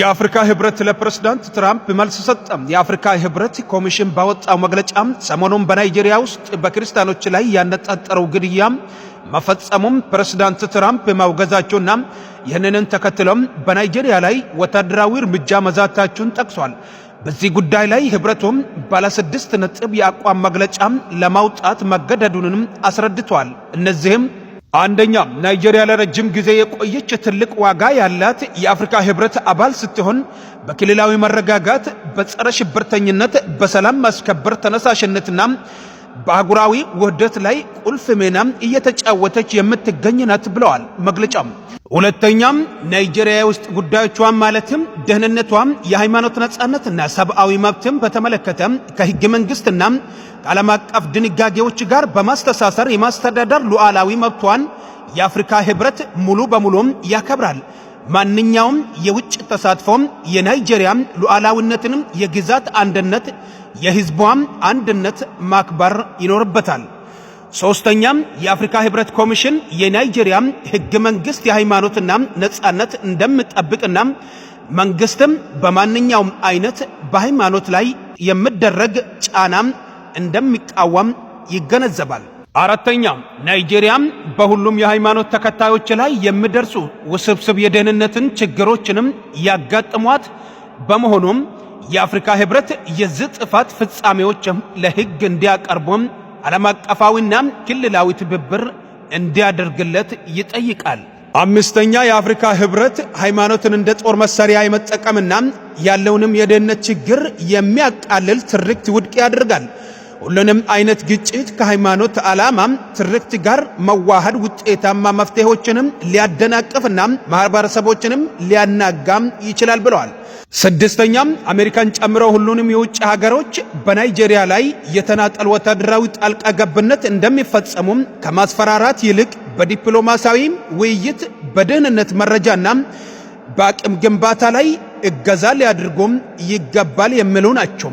የአፍሪካ ህብረት ለፕሬዝዳንት ትራምፕ መልስ ሰጠ። የአፍሪካ ህብረት ኮሚሽን ባወጣው መግለጫ ሰሞኑን በናይጄሪያ ውስጥ በክርስቲያኖች ላይ ያነጣጠረው ግድያም መፈጸሙም ፕሬዝዳንት ትራምፕ ማውገዛቸውና ይህንንን ተከትሎም በናይጄሪያ ላይ ወታደራዊ እርምጃ መዛታቸውን ጠቅሷል። በዚህ ጉዳይ ላይ ህብረቱም ባለስድስት ነጥብ የአቋም መግለጫ ለማውጣት መገደዱንም አስረድቷል። እነዚህም አንደኛ ናይጄሪያ ለረጅም ጊዜ የቆየች ትልቅ ዋጋ ያላት የአፍሪካ ህብረት አባል ስትሆን በክልላዊ መረጋጋት፣ በጸረ ሽብርተኝነት፣ በሰላም ማስከበር ተነሳሽነትና በአጉራዊ ውህደት ላይ ቁልፍ ሚናም እየተጫወተች የምትገኝ ናት ብለዋል መግለጫም። ሁለተኛም ናይጄሪያ ውስጥ ጉዳዮቿን ማለትም ደህንነቷም፣ የሃይማኖት ነጻነትና ሰብአዊ መብትም በተመለከተ ከህገ መንግስትና ከዓለም አቀፍ ድንጋጌዎች ጋር በማስተሳሰር የማስተዳደር ሉዓላዊ መብቷን የአፍሪካ ህብረት ሙሉ በሙሉም ያከብራል። ማንኛውም የውጭ ተሳትፎም የናይጄሪያ ሉዓላዊነትንም የግዛት አንድነት የህዝቧም አንድነት ማክበር ይኖርበታል። ሶስተኛም የአፍሪካ ህብረት ኮሚሽን የናይጄሪያ ህገ መንግስት የሃይማኖትና ነጻነት እንደምጠብቅና መንግስትም በማንኛውም አይነት በሃይማኖት ላይ የምደረግ ጫናም እንደሚቃወም ይገነዘባል። አራተኛም ናይጄሪያም በሁሉም የሃይማኖት ተከታዮች ላይ የሚደርሱ ውስብስብ የደህንነትን ችግሮችንም ያጋጥሟት በመሆኑም የአፍሪካ ህብረት የዚህ ጥፋት ፍጻሜዎችም ለህግ እንዲያቀርቡም ዓለም አቀፋዊና ክልላዊ ትብብር እንዲያደርግለት ይጠይቃል። አምስተኛ የአፍሪካ ህብረት ሃይማኖትን እንደ ጦር መሳሪያ የመጠቀምና ያለውንም የደህንነት ችግር የሚያቃልል ትርክት ውድቅ ያደርጋል። ሁሉንም አይነት ግጭት ከሃይማኖት ዓላማ ትርክት ጋር መዋሃድ ውጤታማ መፍትሄዎችንም ሊያደናቅፍና ማህበረሰቦችንም ሊያናጋም ይችላል ብለዋል። ስድስተኛም አሜሪካን ጨምሮ ሁሉንም የውጭ ሀገሮች በናይጄሪያ ላይ የተናጠል ወታደራዊ ጣልቃ ገብነት እንደሚፈጸሙም ከማስፈራራት ይልቅ በዲፕሎማሲያዊ ውይይት በደህንነት መረጃና በአቅም ግንባታ ላይ እገዛ ሊያድርጉም ይገባል የሚሉ ናቸው።